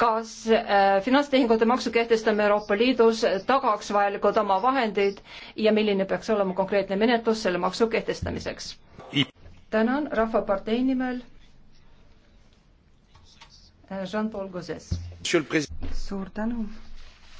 kas äh, finantstehingute maksu kehtestamine Euroopa Liidus tagaks vajalikud oma vahendid ja milline peaks olema konkreetne menetlus selle maksu kehtestamiseks? tänan Rahvapartei nimel äh, Jean-Paul Gauzes. suur tänu,